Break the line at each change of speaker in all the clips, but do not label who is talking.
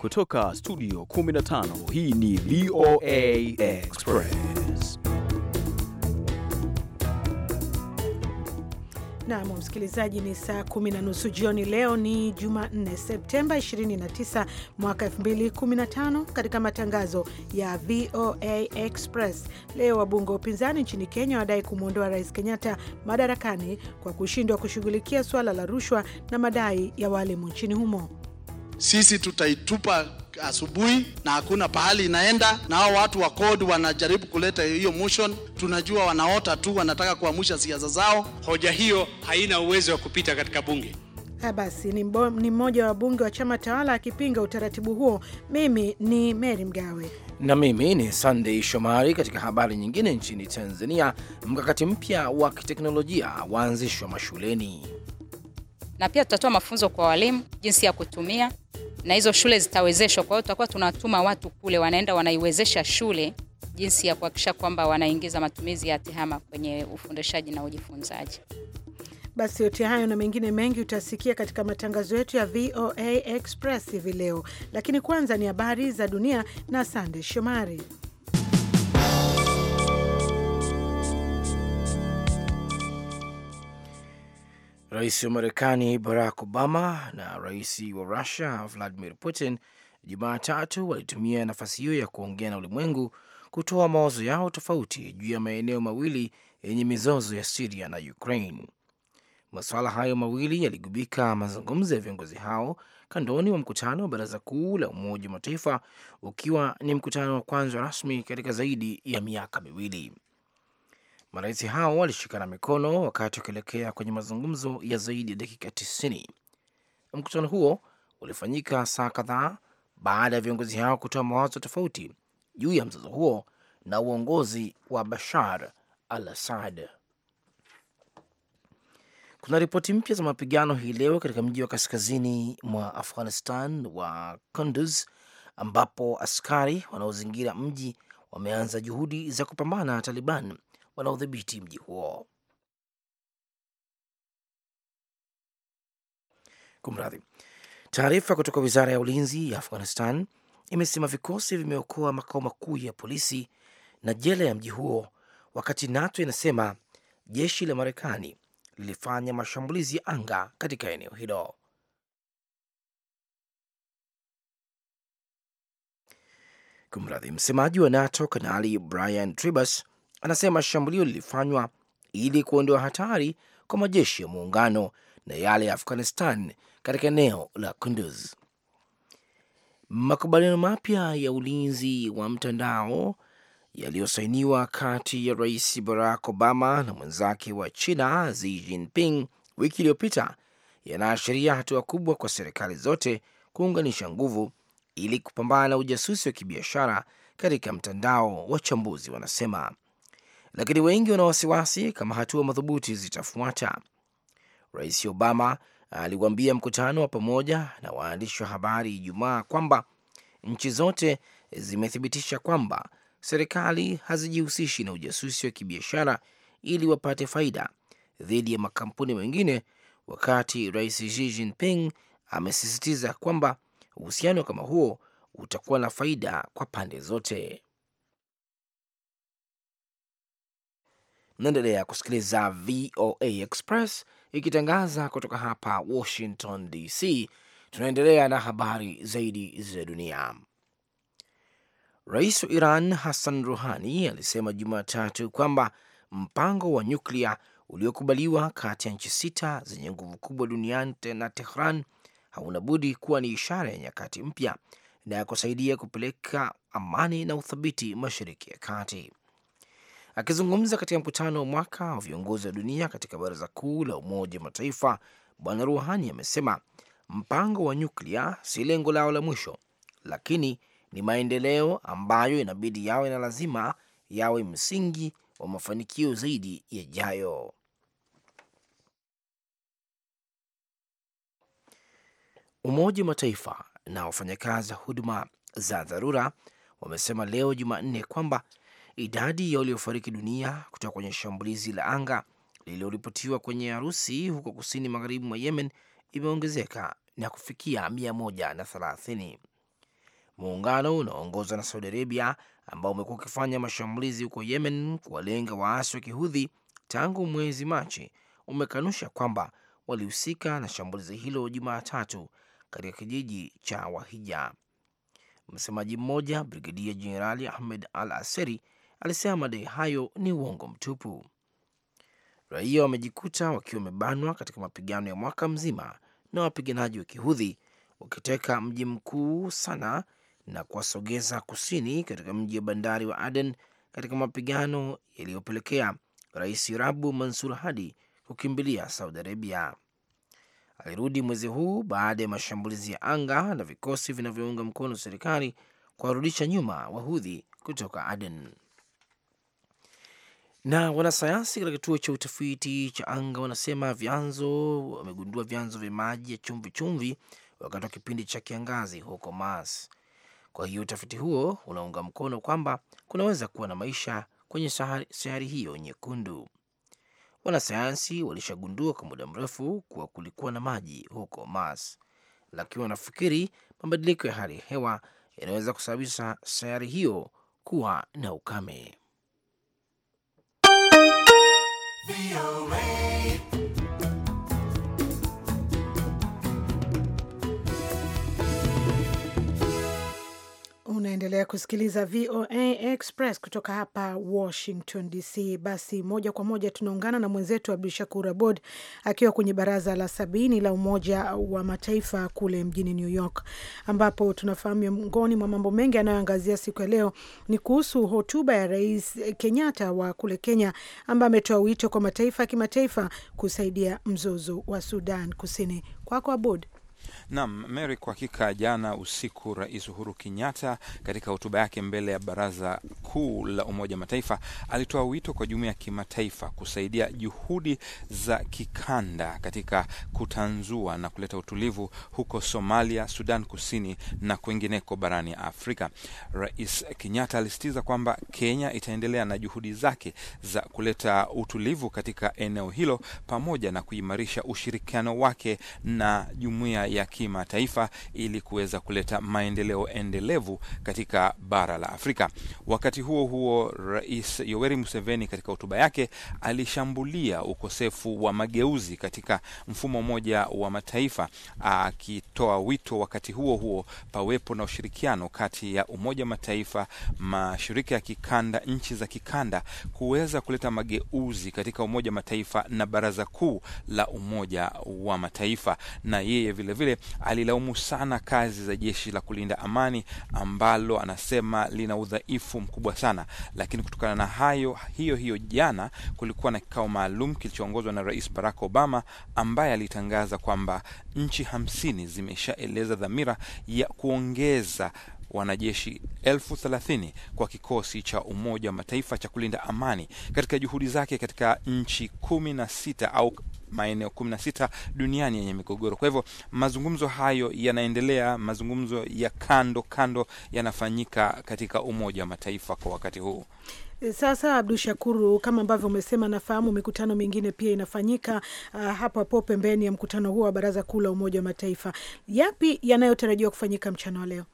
Kutoka studio 15
hii ni VOA Express.
Nam msikilizaji, ni saa kumi na nusu jioni. Leo ni Jumanne, Septemba 29 mwaka 2015. Katika matangazo ya VOA Express leo, wabunge wa upinzani nchini Kenya wadai kumwondoa Rais Kenyatta madarakani kwa kushindwa kushughulikia suala la rushwa na madai ya waalimu nchini humo
sisi tutaitupa asubuhi na hakuna pahali inaenda, na hao watu wa kodi wanajaribu kuleta hiyo motion. Tunajua wanaota
tu, wanataka kuamsha siasa zao. Hoja hiyo haina uwezo wa kupita katika bunge.
Basi ni mmoja wa bunge wa chama tawala akipinga utaratibu huo. Mimi ni Mary Mgawe
na mimi ni Sunday Shomari. Katika habari nyingine, nchini Tanzania mkakati mpya wa kiteknolojia waanzishwa mashuleni
na pia tutatoa mafunzo kwa walimu jinsi ya kutumia na hizo shule zitawezeshwa. Kwa hiyo tutakuwa tunatuma watu kule, wanaenda wanaiwezesha shule jinsi ya kuhakikisha kwamba wanaingiza matumizi ya tehama kwenye ufundishaji na ujifunzaji. Basi yote hayo na mengine mengi utasikia katika matangazo yetu ya VOA Express hivi leo, lakini kwanza ni habari za dunia na Sande Shomari.
Rais wa Marekani Barack Obama na rais wa Russia Vladimir Putin Jumatatu walitumia nafasi hiyo ya kuongea na ulimwengu kutoa mawazo yao tofauti juu ya maeneo mawili yenye mizozo ya Siria na Ukraine. Masuala hayo mawili yaligubika mazungumzo ya viongozi hao kandoni wa mkutano wa Baraza Kuu la Umoja wa Mataifa, ukiwa ni mkutano wa kwanza rasmi katika zaidi ya miaka miwili. Marais hao walishikana mikono wakati wakielekea kwenye mazungumzo ya zaidi ya dakika 90. Mkutano huo ulifanyika saa kadhaa baada ya viongozi hao kutoa mawazo tofauti juu ya mzozo huo na uongozi wa Bashar al Assad. Kuna ripoti mpya za mapigano hii leo katika mji wa kaskazini mwa Afghanistan wa Kunduz, ambapo askari wanaozingira mji wameanza juhudi za kupambana na Taliban wanaodhibiti mji huo. Kumradhi, taarifa kutoka wizara ya ulinzi ya Afghanistan imesema vikosi vimeokoa makao makuu ya polisi na jela ya mji huo, wakati NATO inasema jeshi la Marekani lilifanya mashambulizi ya anga katika eneo hilo. Kumradhi, msemaji wa NATO Kanali Brian Tribus Anasema shambulio lilifanywa ili kuondoa hatari kwa majeshi ya muungano na yale ya Afghanistan katika eneo la Kunduz. Makubaliano mapya ya ulinzi wa mtandao yaliyosainiwa kati ya Rais Barack Obama na mwenzake wa China Xi Jinping wiki iliyopita yanaashiria hatua kubwa kwa serikali zote kuunganisha nguvu ili kupambana na ujasusi wa kibiashara katika mtandao, wachambuzi wanasema lakini wengi wana wasiwasi kama hatua madhubuti zitafuata. Rais Obama aliwaambia mkutano wa pamoja na waandishi wa habari Ijumaa kwamba nchi zote zimethibitisha kwamba serikali hazijihusishi na ujasusi wa kibiashara ili wapate faida dhidi ya makampuni mengine, wakati Rais Xi Jinping amesisitiza kwamba uhusiano kama huo utakuwa na faida kwa pande zote. Unaendelea kusikiliza VOA Express ikitangaza kutoka hapa Washington DC. Tunaendelea na habari zaidi za dunia. Rais wa Iran Hassan Ruhani alisema Jumatatu kwamba mpango wa nyuklia uliokubaliwa kati ya nchi sita zenye nguvu kubwa duniani na Tehran hauna budi kuwa ni ishara ya nyakati mpya na ya kusaidia kupeleka amani na uthabiti Mashariki ya Kati. Akizungumza katika mkutano wa mwaka wa viongozi wa dunia katika baraza kuu la Umoja wa Mataifa, Bwana Ruhani amesema mpango wa nyuklia si lengo lao la mwisho, lakini ni maendeleo ambayo inabidi yawe na lazima yawe msingi wa mafanikio zaidi yajayo. Umoja wa Mataifa na wafanyakazi wa huduma za dharura wamesema leo Jumanne kwamba Idadi ya waliofariki dunia kutoka kwenye shambulizi la anga lililoripotiwa kwenye harusi huko kusini magharibi mwa Yemen imeongezeka na kufikia 130. Muungano unaoongozwa na Saudi Arabia ambao umekuwa ukifanya mashambulizi huko Yemen kuwalenga waasi wa kihudhi tangu mwezi Machi umekanusha kwamba walihusika na shambulizi hilo Jumatatu katika kijiji cha Wahija. Msemaji mmoja Brigedia Jenerali Ahmed Al Aseri alisema madai hayo ni uongo mtupu. Raia wamejikuta wakiwa wamebanwa katika mapigano ya mwaka mzima na wapiganaji wa kihudhi wakiteka mji mkuu Sana na kuwasogeza kusini katika mji wa bandari wa Aden katika mapigano yaliyopelekea Rais Rabu Mansur Hadi kukimbilia Saudi Arabia. Alirudi mwezi huu baada ya mashambulizi ya anga na vikosi vinavyounga mkono serikali kuwarudisha nyuma Wahudhi kutoka Aden. Na wanasayansi katika kituo cha utafiti cha anga wanasema vyanzo wamegundua vyanzo vya maji ya chumvi chumvi wakati wa kipindi cha kiangazi huko Mars. Kwa hiyo utafiti huo unaunga mkono kwamba kunaweza kuwa na maisha kwenye sayari, hiyo nyekundu. Wanasayansi walishagundua kwa muda mrefu kuwa kulikuwa na maji huko Mars, lakini wanafikiri mabadiliko ya hali ya hewa yanaweza kusababisha sayari hiyo kuwa na ukame.
VOA.
Unaendelea kusikiliza VOA Express kutoka hapa Washington DC. Basi moja kwa moja tunaungana na mwenzetu Abdu Shakur Abod akiwa kwenye baraza la sabini la Umoja wa Mataifa kule mjini New York, ambapo tunafahamu miongoni mwa mambo mengi anayoangazia siku ya leo ni kuhusu hotuba ya Rais Kenyatta wa kule Kenya, ambaye ametoa wito kwa mataifa ya kimataifa kusaidia mzozo wa Sudan Kusini. Kwako Abod.
Naam, Mary, kwa hakika jana usiku Rais Uhuru Kenyatta katika hotuba yake mbele ya Baraza Kuu la Umoja Mataifa alitoa wito kwa jumuiya ya kimataifa kusaidia juhudi za kikanda katika kutanzua na kuleta utulivu huko Somalia, Sudan Kusini na kwingineko barani Afrika. Rais Kenyatta alisitiza kwamba Kenya itaendelea na juhudi zake za kuleta utulivu katika eneo hilo pamoja na kuimarisha ushirikiano wake na jumuiya ya kimataifa ili kuweza kuleta maendeleo endelevu katika bara la Afrika. Wakati huo huo, Rais Yoweri Museveni katika hotuba yake alishambulia ukosefu wa mageuzi katika mfumo mmoja wa mataifa, akitoa wito wakati huo huo pawepo na ushirikiano kati ya Umoja Mataifa, mashirika ya kikanda, nchi za kikanda kuweza kuleta mageuzi katika Umoja Mataifa na Baraza Kuu la Umoja wa Mataifa. Na yeye vilevile vile, alilaumu sana kazi za jeshi la kulinda amani ambalo anasema lina udhaifu mkubwa sana. Lakini kutokana na hayo hiyo hiyo, jana kulikuwa na kikao maalum kilichoongozwa na Rais Barack Obama ambaye alitangaza kwamba nchi hamsini zimeshaeleza dhamira ya kuongeza wanajeshi elfu thelathini kwa kikosi cha Umoja wa Mataifa cha kulinda amani katika juhudi zake katika nchi kumi na sita au maeneo 16 duniani yenye migogoro. Kwa hivyo mazungumzo hayo yanaendelea, mazungumzo ya kando kando yanafanyika katika Umoja wa Mataifa kwa wakati huu.
Sasa Abdu Shakuru, kama ambavyo umesema, nafahamu mikutano mingine pia inafanyika uh, hapo hapo pembeni ya mkutano huo wa Baraza Kuu la Umoja wa Mataifa. Yapi yanayotarajiwa kufanyika mchana wa leo?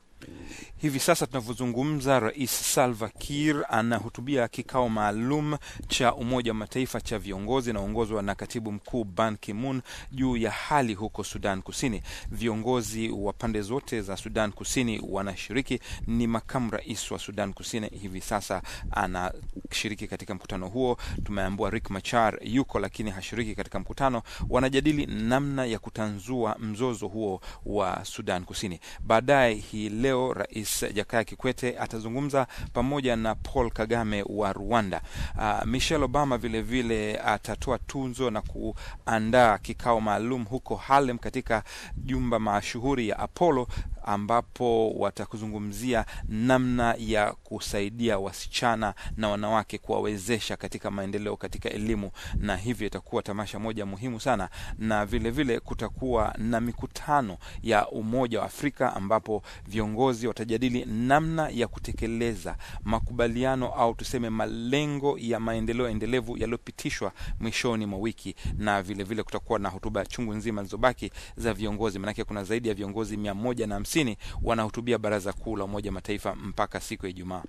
Hivi sasa tunavyozungumza, Rais Salva kir anahutubia kikao maalum cha Umoja wa Mataifa cha viongozi naongozwa na katibu mkuu Ban kimun juu ya hali huko Sudan Kusini. Viongozi wa pande zote za Sudan Kusini wanashiriki. Ni makamu rais wa Sudan Kusini hivi sasa anashiriki katika mkutano huo. tumeambua rik Machar yuko, lakini hashiriki katika mkutano. Wanajadili namna ya kutanzua mzozo huo wa Sudan Kusini. Baadaye hii leo leo Rais Jakaya Kikwete atazungumza pamoja na Paul Kagame wa Rwanda. Uh, Michelle Obama vilevile atatoa tunzo na kuandaa kikao maalum huko Harlem katika jumba mashuhuri ya Apollo ambapo watakuzungumzia namna ya kusaidia wasichana na wanawake kuwawezesha katika maendeleo katika elimu, na hivyo itakuwa tamasha moja muhimu sana, na vile vile kutakuwa na mikutano ya Umoja wa Afrika ambapo viongozi watajadili namna ya kutekeleza makubaliano au tuseme malengo ya maendeleo endelevu yaliyopitishwa mwishoni mwa wiki, na vile vile kutakuwa na hotuba chungu nzima zilizobaki za viongozi, manake kuna zaidi ya viongozi mia moja na hamsini hamsini wanahutubia Baraza Kuu la Umoja Mataifa mpaka siku ya Ijumaa.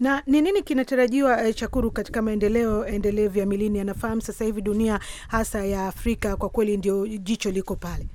Na ni nini kinatarajiwa eh, Chakuru katika maendeleo endelevu ya milini anafahamu sasa hivi dunia hasa ya Afrika kwa kweli ndio jicho liko pale.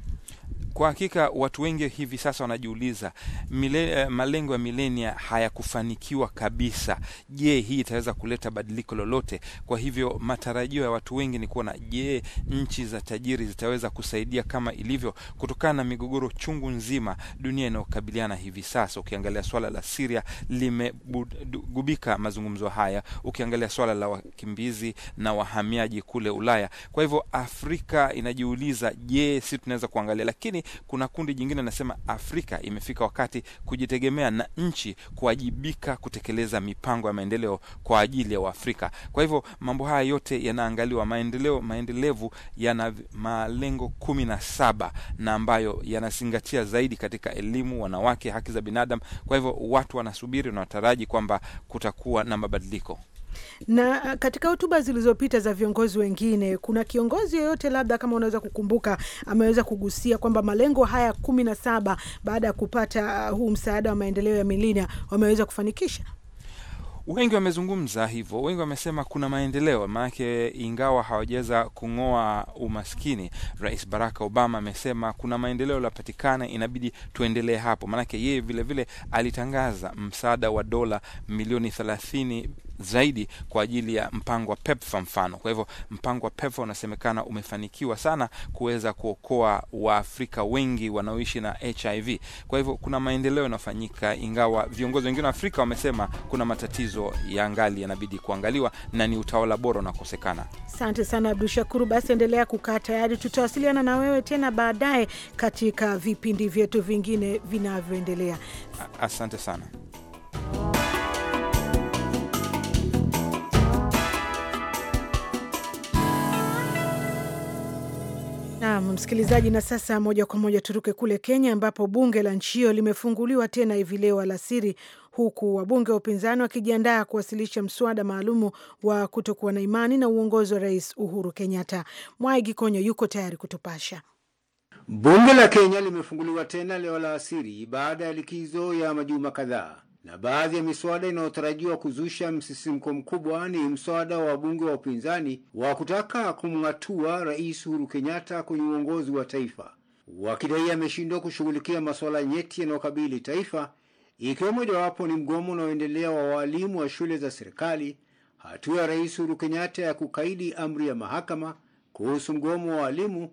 Kwa hakika watu wengi hivi sasa wanajiuliza mile, eh, malengo ya milenia hayakufanikiwa kabisa. Je, hii itaweza kuleta badiliko lolote? Kwa hivyo matarajio ya watu wengi ni kuona, je, nchi za tajiri zitaweza kusaidia kama ilivyo, kutokana na migogoro chungu nzima dunia inayokabiliana hivi sasa. Ukiangalia swala la Syria limegubika mazungumzo haya, ukiangalia swala la wakimbizi na wahamiaji kule Ulaya. Kwa hivyo Afrika inajiuliza, je, si tunaweza kuangalia lakini lakini kuna kundi jingine linasema Afrika imefika wakati kujitegemea na nchi kuwajibika kutekeleza mipango ya maendeleo kwa ajili ya uafrika Kwa hivyo mambo haya yote yanaangaliwa, maendeleo maendelevu yana malengo kumi na saba na ambayo yanazingatia zaidi katika elimu, wanawake, haki za binadamu. Kwa hivyo watu wanasubiri na wataraji kwamba kutakuwa na mabadiliko.
Na eh, katika hotuba zilizopita za viongozi wengine, kuna kiongozi yoyote labda kama unaweza kukumbuka ameweza kugusia kwamba malengo haya kumi na saba baada ya kupata eh, huu msaada wa maendeleo ya milenia wameweza kufanikisha?
Wengi wamezungumza hivyo, wengi wamesema kuna maendeleo, maanake ingawa hawajaweza kung'oa umaskini, Rais Barack Obama amesema kuna maendeleo yaliyopatikana, inabidi tuendelee hapo, maanake yeye vilevile alitangaza msaada wa dola milioni thelathini zaidi kwa ajili ya mpango wa PEPFAR mfano. Kwa hivyo mpango wa pep unasemekana umefanikiwa sana kuweza kuokoa Waafrika wengi wanaoishi na HIV. Kwa hivyo kuna maendeleo yanayofanyika, ingawa viongozi wengine wa Afrika wamesema kuna matatizo ya ngali yanabidi kuangaliwa na ni utawala bora unakosekana.
Asante sana Abdu Shakuru. Basi endelea kukaa tayari, tutawasiliana na wewe tena baadaye katika vipindi vyetu vingine vinavyoendelea.
Asante sana.
Naam, msikilizaji, na sasa moja kwa moja turuke kule Kenya ambapo bunge la nchi hiyo limefunguliwa tena hivi leo alasiri huku wabunge wa upinzani wakijiandaa kuwasilisha mswada maalumu wa kutokuwa na imani na uongozi wa Rais Uhuru Kenyatta. Mwai Gikonyo yuko tayari kutupasha.
Bunge la Kenya
limefunguliwa tena leo alasiri baada ya likizo ya majuma kadhaa. Na baadhi ya miswada inayotarajiwa kuzusha msisimko mkubwa ni mswada wa wabunge wa upinzani wa kutaka kumng'atua Rais Uhuru Kenyatta kwenye uongozi wa taifa, wakidai ameshindwa kushughulikia masuala nyeti yanayokabili taifa, ikiwa mojawapo ni mgomo unaoendelea wa waalimu wa shule za serikali, hatua ya Rais Uhuru Kenyatta ya kukaidi amri ya mahakama kuhusu mgomo wa waalimu,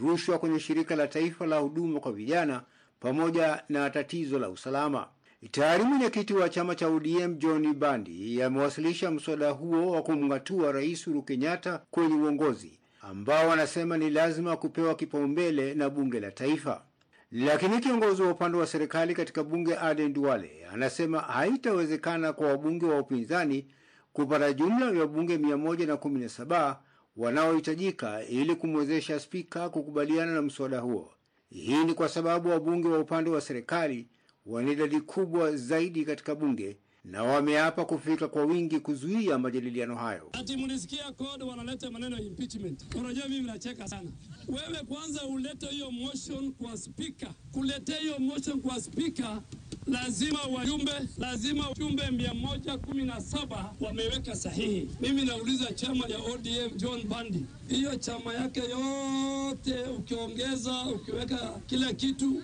rushwa kwenye shirika la taifa la huduma kwa vijana, pamoja na tatizo la usalama. Tayari mwenyekiti wa chama cha ODM John Bandi amewasilisha mswada huo wa kumng'atua Rais Uhuru Kenyatta kwenye uongozi ambao anasema ni lazima kupewa kipaumbele na bunge la taifa. Lakini kiongozi wa upande wa serikali katika bunge Aden Duale anasema haitawezekana kwa wabunge wa upinzani kupata jumla ya wabunge 117 wanaohitajika ili kumwezesha spika kukubaliana na mswada huo. Hii ni kwa sababu wabunge wa upande wa serikali wana idadi kubwa zaidi katika bunge na wameapa kufika kwa wingi kuzuia majadiliano hayo.
Ati mlisikia code wanaleta maneno ya impeachment. Unajua mimi nacheka sana. Wewe kwanza ulete hiyo motion kwa spika Kuletea hiyo motion kwa spika, lazima wajumbe lazima wajumbe mia moja kumi na saba wameweka sahihi. Mimi nauliza chama ya ODM John Bandi, hiyo chama yake yote ukiongeza ukiweka kila kitu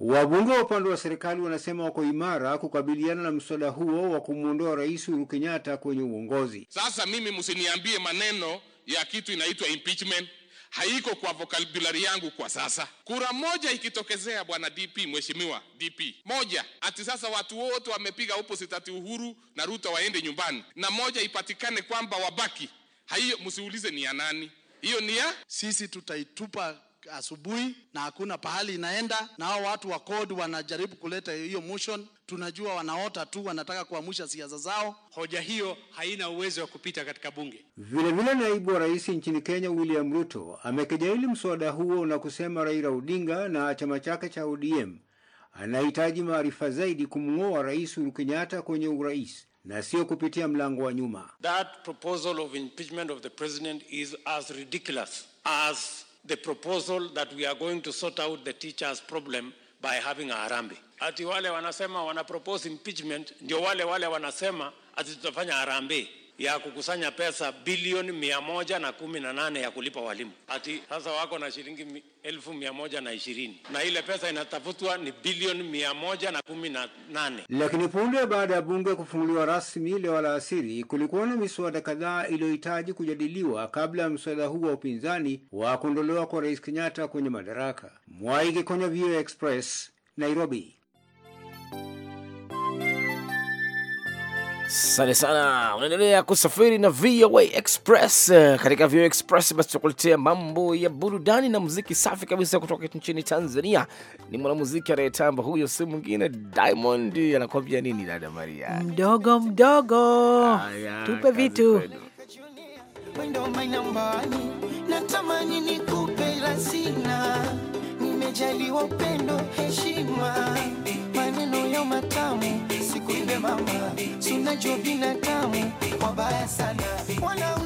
Wabunge wa upande wa serikali wanasema wako imara kukabiliana na mswada huo wa kumwondoa Rais Uhuru Kenyatta kwenye uongozi.
Sasa mimi msiniambie maneno ya kitu inaitwa impeachment haiko kwa vocabulary yangu kwa sasa. Kura moja ikitokezea, bwana DP, mheshimiwa DP moja, ati sasa watu wote wamepiga opposite, ati Uhuru na Ruto waende nyumbani na moja ipatikane kwamba wabaki, haiyo msiulize ni ya nani hiyo, ni ya sisi, tutaitupa asubuhi na hakuna pahali inaenda, na hao watu wa kodi wanajaribu kuleta hiyo motion. Tunajua wanaota tu,
wanataka kuamsha siasa zao. Hoja hiyo haina uwezo wa kupita katika bunge.
Vilevile, naibu wa rais nchini Kenya William Ruto amekejeli mswada huo na kusema Raila Odinga na chama chake cha ODM anahitaji maarifa zaidi kumng'oa Rais Uhuru Kenyatta kwenye urais na sio kupitia mlango wa nyuma.
That proposal of impeachment of the president is as ridiculous as the proposal that we are going to sort out the teachers problem by having a harambe Ati wale wanasema wana propose impeachment ndio wale wale wanasema ati tutafanya harambee ya kukusanya pesa bilioni mia moja na kumi na nane ya kulipa walimu. Ati sasa wako na shilingi elfu mia moja na ishirini na ile pesa inatafutwa ni bilioni mia moja na kumi na nane. Lakini
punde baada ya bunge kufunguliwa rasmi leo alasiri, kulikuwa na miswada kadhaa iliyohitaji kujadiliwa kabla ya mswada huu wa upinzani wa kuondolewa kwa Rais Kenyatta kwenye madaraka. Mwaiki kwenye VOA Express, Nairobi.
Asante sana, unaendelea kusafiri na VOA Express. Eh, katika VOA Express basi tunakuletea mambo ya burudani na muziki safi kabisa kutoka nchini Tanzania. Ni mwanamuziki anayetamba huyo, si mwingine Diamond. Anakwambia nini dada
Maria? Mdogo mdogo, aya, tupe vitu
mama, tunajua binadamu wabaya sana wana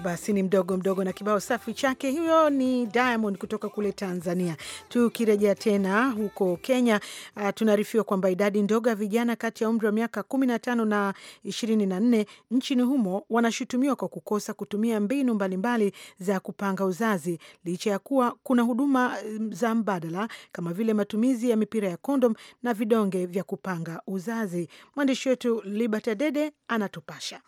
basi ni mdogo mdogo na kibao safi chake. Hiyo ni Diamond kutoka kule Tanzania. Tukirejea tena huko Kenya, uh, tunaarifiwa kwamba idadi ndogo ya vijana kati ya umri wa miaka kumi na tano na na ishirini nne nchini humo wanashutumiwa kwa kukosa kutumia mbinu mbalimbali mbali za kupanga uzazi licha ya kuwa kuna huduma mm, za mbadala kama vile matumizi ya mipira ya kondom na vidonge vya kupanga uzazi. Mwandishi wetu Liberta Dede anatupasha.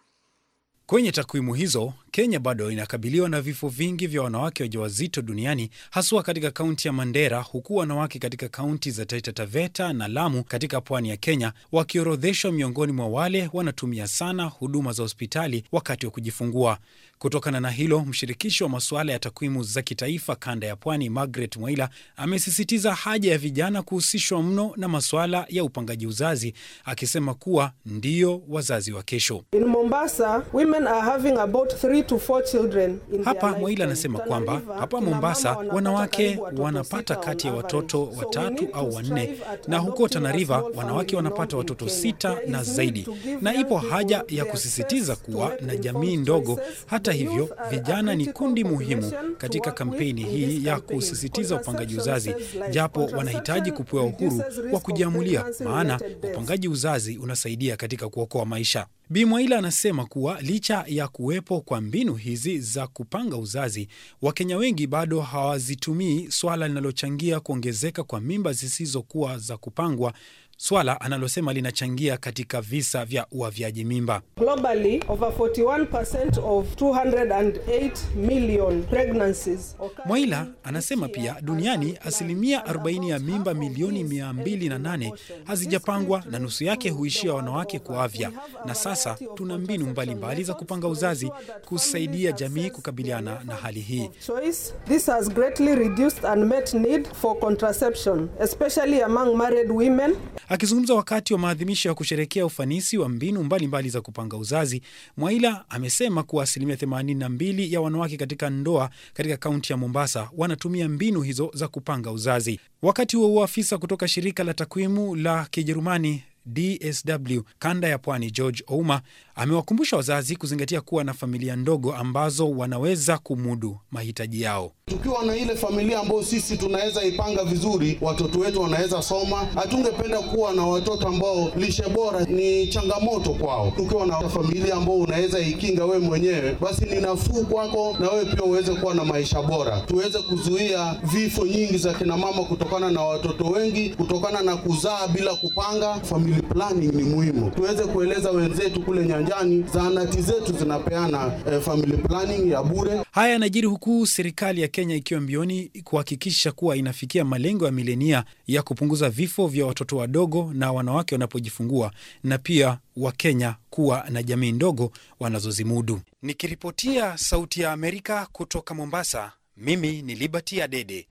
Kwenye takwimu hizo, Kenya bado inakabiliwa na vifo vingi vya wanawake wajawazito duniani haswa katika kaunti ya Mandera, huku wanawake katika kaunti za Taita Taveta na Lamu katika pwani ya Kenya wakiorodheshwa miongoni mwa wale wanatumia sana huduma za hospitali wakati wa kujifungua. Kutokana na hilo, mshirikisho wa masuala ya takwimu za kitaifa kanda ya Pwani, Margaret Mwaila, amesisitiza haja ya vijana kuhusishwa mno na masuala ya upangaji uzazi, akisema kuwa ndio wazazi wa kesho.
In Mombasa, women are having about three to four children
in hapa. Mwaila anasema kwamba hapa Mombasa wanawake wanapata kati ya watoto watatu au wanne, na huko Tana River wanawake wanapata watoto sita na zaidi, na ipo haja ya kusisitiza kuwa na jamii ndogo hata hata hivyo, vijana ni kundi muhimu katika kampeni hii ya kusisitiza upangaji uzazi, japo wanahitaji kupewa uhuru wa kujiamulia, maana upangaji uzazi unasaidia katika kuokoa maisha. Bi Mwaila anasema kuwa licha ya kuwepo kwa mbinu hizi za kupanga uzazi, Wakenya wengi bado hawazitumii, swala linalochangia kuongezeka kwa mimba zisizokuwa za kupangwa swala analosema linachangia katika visa vya uavyaji mimba.
Globally, over 41%
of 208 million pregnancies. Mwaila anasema pia duniani asilimia 40 ya mimba milioni 208 hazijapangwa na nusu yake huishia wanawake kuavya, na sasa tuna mbinu mbalimbali za kupanga uzazi kusaidia jamii kukabiliana na hali hii.
This has greatly reduced unmet need for contraception, especially among married women.
Akizungumza wakati wa maadhimisho ya kusherekea ufanisi wa mbinu mbalimbali mbali za kupanga uzazi, Mwaila amesema kuwa asilimia 82 ya wanawake katika ndoa katika kaunti ya Mombasa wanatumia mbinu hizo za kupanga uzazi. Wakati huo huo, afisa kutoka shirika la takwimu la Kijerumani DSW kanda ya Pwani George Ouma amewakumbusha wazazi kuzingatia kuwa na familia ndogo ambazo wanaweza kumudu mahitaji yao.
Tukiwa na ile familia ambayo sisi tunaweza ipanga vizuri, watoto wetu wanaweza soma. Hatungependa kuwa na watoto ambao lishe bora ni changamoto kwao. Tukiwa na familia ambao unaweza ikinga wewe mwenyewe, basi ni nafuu kwako na wewe pia uweze kuwa na maisha bora. Tuweze kuzuia vifo nyingi za kinamama kutokana na watoto wengi, kutokana na kuzaa bila kupanga familia family
planning ni muhimu,
tuweze kueleza wenzetu kule nyanjani, zahanati zetu zinapeana eh, family planning ya bure.
Haya yanajiri huku serikali ya Kenya ikiwa mbioni kuhakikisha kuwa inafikia malengo ya milenia ya kupunguza vifo vya watoto wadogo na wanawake wanapojifungua na pia Wakenya kuwa na jamii ndogo wanazozimudu. Nikiripotia Sauti ya Amerika kutoka Mombasa, mimi ni Liberty Adede.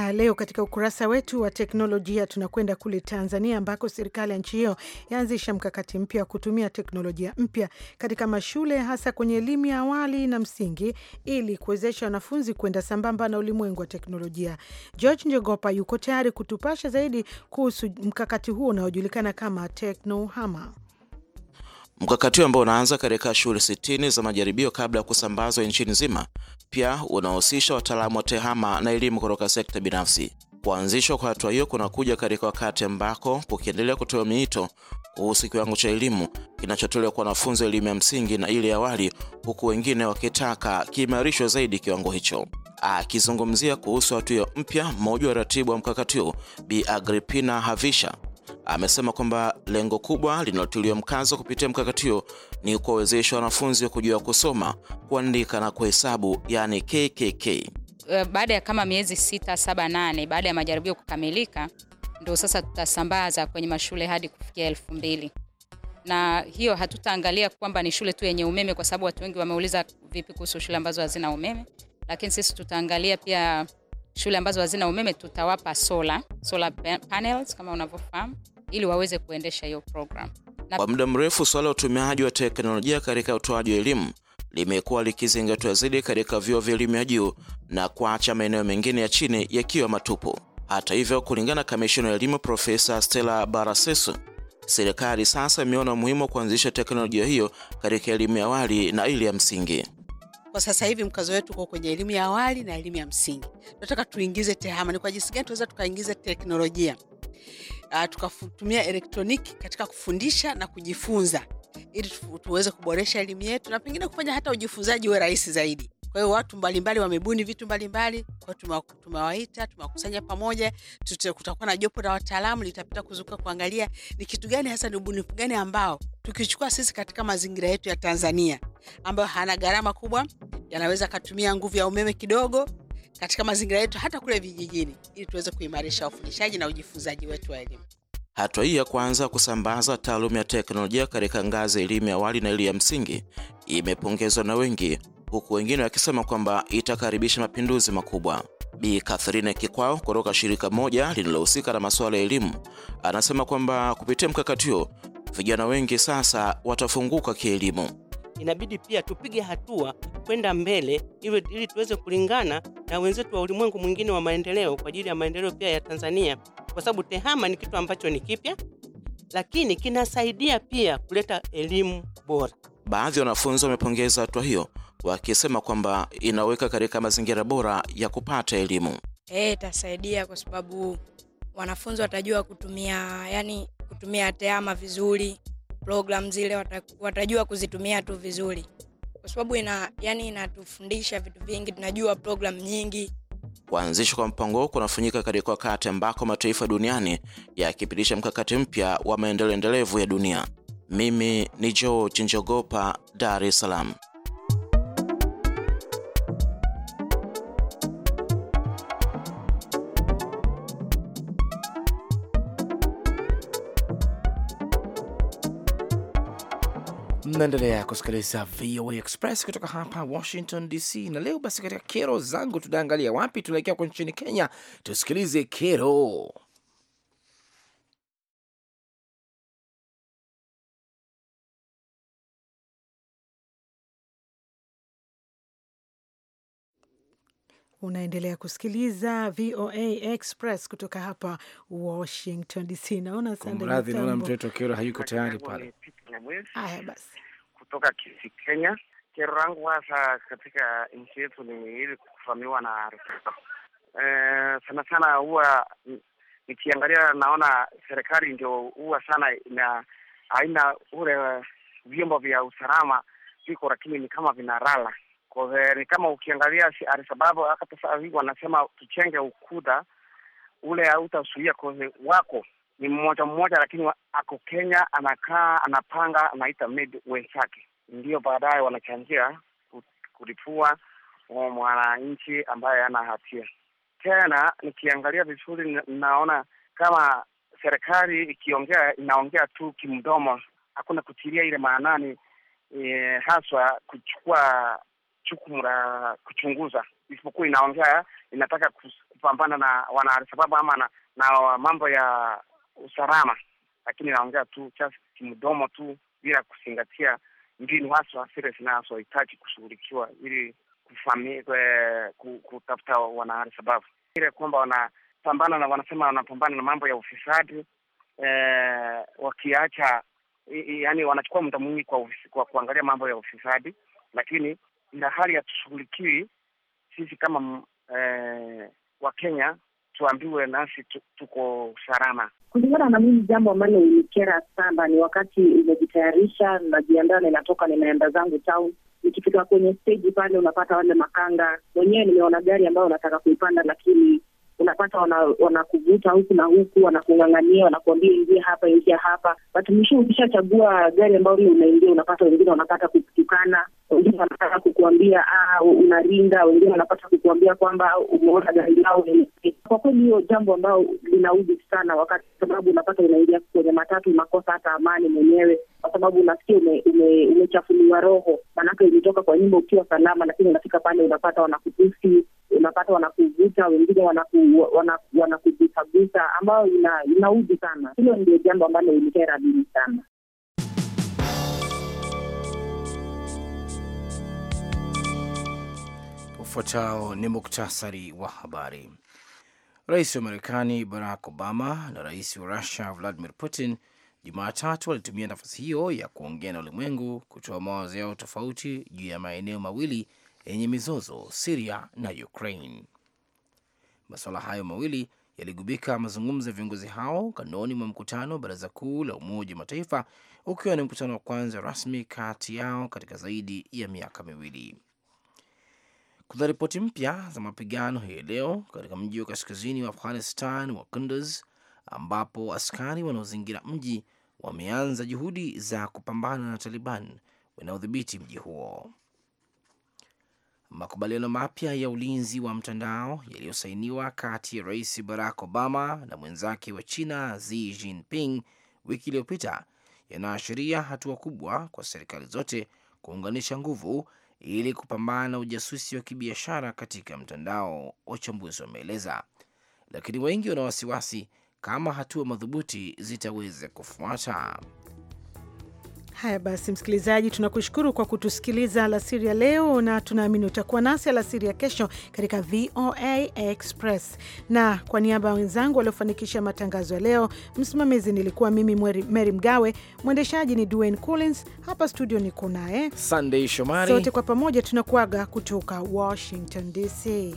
Uh, leo katika ukurasa wetu wa teknolojia tunakwenda kule Tanzania ambako serikali ya nchi hiyo yaanzisha mkakati mpya wa kutumia teknolojia mpya katika mashule hasa kwenye elimu ya awali na msingi ili kuwezesha wanafunzi kwenda sambamba na ulimwengu wa teknolojia. George Njogopa yuko tayari kutupasha zaidi kuhusu mkakati huo unaojulikana kama Teknohama.
Mkakati ambao unaanza katika shule sitini za majaribio kabla ya kusambazwa nchini nzima, pia unahusisha wataalamu wa tehama na elimu kutoka sekta binafsi. Kuanzishwa kwa hatua hiyo kunakuja katika wakati ambako kukiendelea kutoa miito kuhusu kiwango cha elimu kinachotolewa kwa wanafunzi wa elimu ya msingi na ile ya awali, huku wengine wakitaka kiimarishwe zaidi kiwango hicho. Akizungumzia kuhusu hatua hiyo mpya, mmoja wa ratibu wa mkakati huu Bi Agripina Havisha amesema kwamba lengo kubwa linalotiliwa mkazo kupitia mkakati huo ni kuwawezesha wanafunzi wa kujua kusoma, kuandika na kuhesabu, yani KKK.
Eh, baada ya kama miezi sita, saba, nane baada ya majaribio kukamilika, ndo sasa tutasambaza kwenye mashule hadi kufikia elfu mbili na hiyo hatutaangalia kwamba ni shule tu yenye umeme, kwa sababu watu wengi wameuliza vipi kuhusu shule ambazo hazina umeme, lakini sisi tutaangalia pia shule ambazo hazina umeme, tutawapa sola sola panels kama unavyofahamu, ili waweze kuendesha hiyo program Na... kwa
muda mrefu suala ya utumiaji wa teknolojia katika utoaji wa elimu limekuwa likizingatiwa zaidi katika vyuo vya elimu ya juu na kuacha maeneo mengine ya chini yakiwa matupu. Hata hivyo, kulingana na kamishina ya elimu Profesa Stella baraseso serikali sasa imeona umuhimu wa kuanzisha teknolojia hiyo katika elimu ya awali na ile ya msingi.
Kwa sasa hivi mkazo wetu uko kwenye elimu ya awali na elimu ya msingi. Tunataka tuingize TEHAMA. Ni kwa jinsi gani tunaweza tukaingiza teknolojia uh, ah, tukatumia elektroniki katika kufundisha na kujifunza ili tuweze kuboresha elimu yetu na pengine kufanya hata ujifunzaji uwe rahisi zaidi. Kwa hiyo watu mbalimbali wamebuni vitu mbalimbali, kwao tumewaita, tumewakusanya pamoja. Kutakuwa na jopo la wataalamu litapita kuzunguka kuangalia ni kitu gani hasa, ni ubunifu gani ambao tukichukua sisi katika mazingira yetu ya Tanzania ambayo hana gharama kubwa, yanaweza akatumia nguvu ya umeme kidogo katika mazingira yetu hata kule vijijini ili tuweze kuimarisha ufundishaji na ujifunzaji wetu wa elimu.
Hatua hii ya kwanza kusambaza taaluma ya teknolojia katika ngazi ya elimu ya awali na ile ya msingi imepongezwa na wengi, huku wengine wakisema kwamba itakaribisha mapinduzi makubwa. Bi Catherine Kikwao kutoka shirika moja linalohusika na masuala ya elimu anasema kwamba kupitia mkakati huo vijana wengi sasa watafunguka kielimu
inabidi pia tupige hatua kwenda mbele ili, ili tuweze kulingana na wenzetu wa ulimwengu mwingine wa maendeleo kwa ajili ya maendeleo pia ya Tanzania, kwa sababu TEHAMA ni kitu ambacho ni kipya, lakini kinasaidia pia kuleta elimu bora.
Baadhi ya wanafunzi wamepongeza hatua hiyo wakisema kwamba inaweka katika mazingira bora ya kupata elimu.
Eh, itasaidia kwa sababu wanafunzi watajua kutumia yani kutumia TEHAMA vizuri program zile watajua kuzitumia tu vizuri, kwa sababu ina yani inatufundisha vitu vingi, tunajua program nyingi.
Kuanzishwa kwa mpango huu kunafanyika katika wakati ambako mataifa duniani yakipitisha mkakati mpya wa maendeleo endelevu ya dunia. Mimi ni George Njogopa, Dar es Salaam.
Mnaendelea kusikiliza VOA Express kutoka hapa Washington DC, na leo basi katika kero zangu tunaangalia wapi,
tunaelekea kwa nchini Kenya. Tusikilize kero
Unaendelea kusikiliza VOA Express kutoka hapa Washington DC. Naona
mradhi, naona
mtoto Kero hayuko tayari pale.
Haya basi, kutoka Kisii, Kenya. Kero rangu hasa katika nchi yetu ni ili kufamiwa na eh, sana sana huwa nikiangalia naona serikali ndio huwa sana na haina ule vyombo vya usalama viko, lakini ni kama vinalala ni kama ukiangalia si Alisababu hata sasa hivi wanasema tuchenge ukuda ule hautasuia kohe wako ni mmoja mmoja, lakini ako Kenya, anakaa anapanga, anaita mid wenzake, ndiyo baadaye wanachangia kulipua eh, mwananchi ambaye ana hatia. Tena nikiangalia vizuri, naona kama serikali ikiongea inaongea tu kimdomo, hakuna kutilia ile maanani e, haswa kuchukua jukumu la kuchunguza, isipokuwa inaongea inataka kupambana na wana Alshababu ama na, na mambo ya usalama, lakini inaongea tu just kimdomo tu bila kuzingatia mbinu haswa sile zinazohitaji kushughulikiwa ili eh, kutafuta wana Alshababu ile kwamba wanapambana na wanasema wanapambana na mambo ya ufisadi eh, wakiacha yani wanachukua muda mwingi kwa, kwa kuangalia mambo ya ufisadi, lakini ina hali hatushughulikiwi sisi kama eh, Wakenya tuambiwe nasi tuko salama. Kulingana na mimi, jambo ambalo ilikera sana ni wakati imejitayarisha, najiandaa, ninatoka, ninaenda zangu town nikifika kwenye stage pale unapata wale makanga. Mwenyewe nimeona gari ambayo unataka kuipanda, lakini unapata wanakuvuta wana huku na huku, wanakung'ang'ania, wanakuambia ingia hapa, ingia hapa, but ukishachagua gari ambayo unaingia, unapata wengine wanapata kukutukana, wengine wanapata kukuambia ah, unaringa unarinda, wengine wanapata kukuambia kwamba ah, umeona gari lao. Kwa kweli hiyo jambo ambayo linaudi sana, wakati sababu unapata unaingia kwenye matatu unakosa hata amani mwenyewe kwa sababu unasikia umechafuliwa ume, ume roho, maanake ulitoka kwa nyumba ukiwa salama, lakini unafika pale unapata wanakutusi, unapata wanakuvuta, wengine wanakugusagua ambayo ina, sana. Hilo ndio jambo ambalo ilikera dini sana.
Ufuatao ni muktasari wa habari. Rais wa Marekani Barack Obama na rais wa rusia Vladimir Putin Jumatatu alitumia nafasi hiyo ya kuongea na ulimwengu kutoa mawazo yao tofauti juu ya maeneo mawili yenye mizozo, Siria na Ukraine. Masuala hayo mawili yaligubika mazungumzo ya viongozi hao kanoni mwa mkutano wa baraza kuu la Umoja wa Mataifa, ukiwa ni mkutano wa kwanza rasmi kati yao katika zaidi ya miaka miwili. Kuna ripoti mpya za mapigano hii leo katika mji wa kaskazini wa Afghanistan wa Kunduz ambapo askari wanaozingira mji wameanza juhudi za kupambana na Taliban wanaodhibiti mji huo. Makubaliano mapya ya ulinzi wa mtandao yaliyosainiwa kati ya Rais Barack Obama na mwenzake wa China Xi Jinping wiki iliyopita yanaashiria hatua kubwa kwa serikali zote kuunganisha nguvu ili kupambana na ujasusi wa kibiashara katika mtandao, wachambuzi wameeleza. Lakini wengi wana wasiwasi kama hatua madhubuti zitaweza kufuata.
Haya basi, msikilizaji, tunakushukuru kwa kutusikiliza alasiri ya leo, na tunaamini utakuwa nasi alasiri ya kesho katika VOA Express. Na kwa niaba ya wenzangu waliofanikisha matangazo ya leo, msimamizi nilikuwa mimi mery Mgawe, mwendeshaji ni Dwayne Collins, hapa studio niko naye
Sunday Shomari. Sote
kwa pamoja tunakuaga kutoka Washington DC.